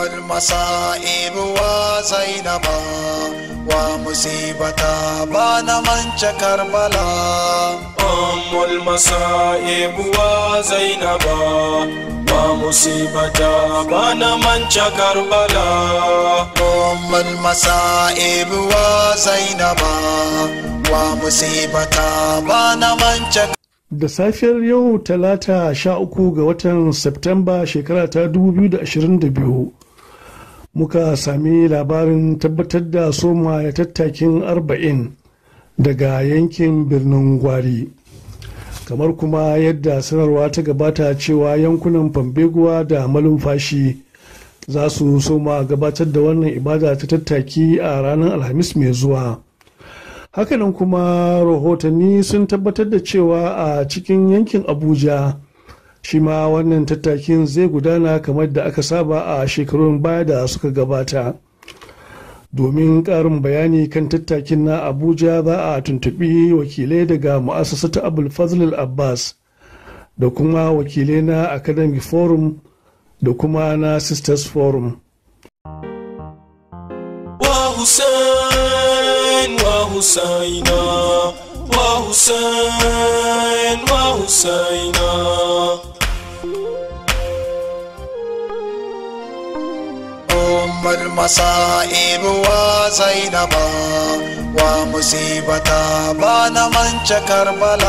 المصائب وزينبا ومصيبة بان من كربلاء أم المصائب وزينبا ما مصيبة بنا من كربلا أم المصائب وزينبا ومصيبة بنا من Da safiyar yau talata sha uku ga watan Septemba shekara ta 2022 muka sami labarin tabbatar da soma ya tattakin arba'in daga yankin birnin gwari kamar kuma yadda sanarwa ta gabata cewa yankunan fambeguwa da malumfashi za su soma gabatar da wannan ibada ta tattaki a ranar alhamis mai zuwa hakanan kuma rahotanni sun tabbatar da cewa a cikin yankin abuja shi ma wannan tattakin zai gudana kamar da aka saba a shekarun baya da suka gabata domin ƙarin bayani kan tattakin na abuja za a tuntuɓi wakilai daga ma'asasata abul fazlul abbas da kuma wakilai na academy forum da kuma na sisters forum wa Hussein, wa Husaina, wa al masa a yin ruwa zai wa musibata ba na mace karbala.